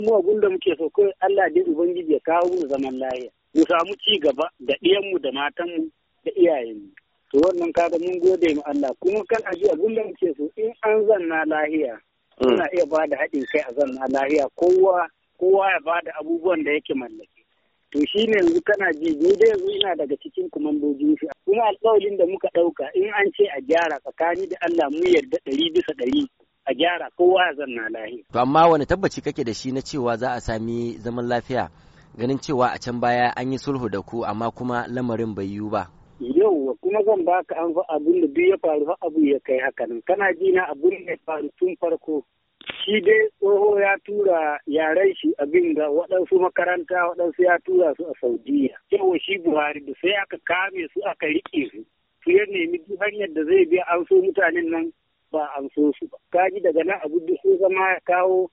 mu abun da muke so kai Allah dai ubangiji ya kawo mu zaman lahiya. mu samu ci gaba da ɗiyanmu da matanmu da iyayenmu to wannan kaga mun gode mu Allah kuma kan aji abun da muke so in an zanna lahiya suna mm. iya ba da haɗin kai a zanna lahiya kowa kowa ya ba da abubuwan da yake mallake to shi ne yanzu kana ji ni da yanzu ina daga cikin kumandojin shi kuma alƙawalin da muka ɗauka in an ce a gyara tsakani da Allah mu yarda ɗari bisa ɗari a gyara kowa ya zanna lahiya. To amma wani tabbaci kake da shi na cewa za a sami zaman lafiya ganin cewa a can baya an yi sulhu da ku amma kuma lamarin bai yiwu ba. Yauwa kuma zan baka an fa abin da duk ya faru fa abu ya kai nan kana ji na abin da ya faru tun farko shi dai tsoho ya tura yaren shi abin da waɗansu makaranta waɗansu ya tura su a saudiya yauwa shi buhari da sai aka kame su aka riƙe su su ya nemi hanyar da zai biya an so mutanen nan ba an so su ba ji daga nan abu duk sun zama ya kawo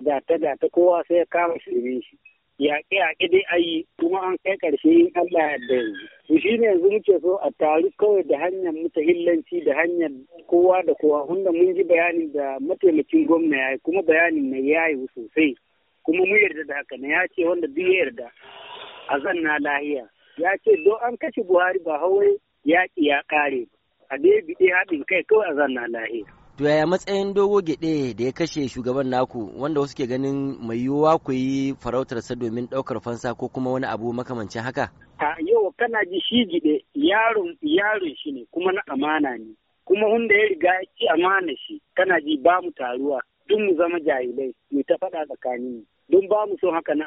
data data kowa sai ya kama shirme shi yaƙe yaƙe dai ayi kuma an kai ƙarshe yin Allah da yanzu Su shi ne yanzu muke so a taru kawai da hanyar mutahillanci da hanyar kowa da kowa wanda mun ji bayanin da mataimakin gwamna ya yi kuma bayanin mai ya yi sosai kuma mun yarda da haka na ya ce wanda duk ya yarda a zanna lahiya ya ce don an kashe buhari ba hawai yaƙi ya ƙare ba a dai biɗe haɗin kai kawai a zanna lahira. To yaya matsayin dogo gyaɗe da ya kashe shugaban naku wanda wasu ke ganin mai yiwuwa ku yi farautarsa domin ɗaukar fansa ko kuma wani abu makamancin haka? A yau kana ji shi gyaɗe yaron yaron shi ne kuma na amana ne. Kuma hunda ya riga ya ci amana shi kana ji ba mu taruwa duk mu zama jahilai mu ta faɗa tsakanin don ba mu son haka na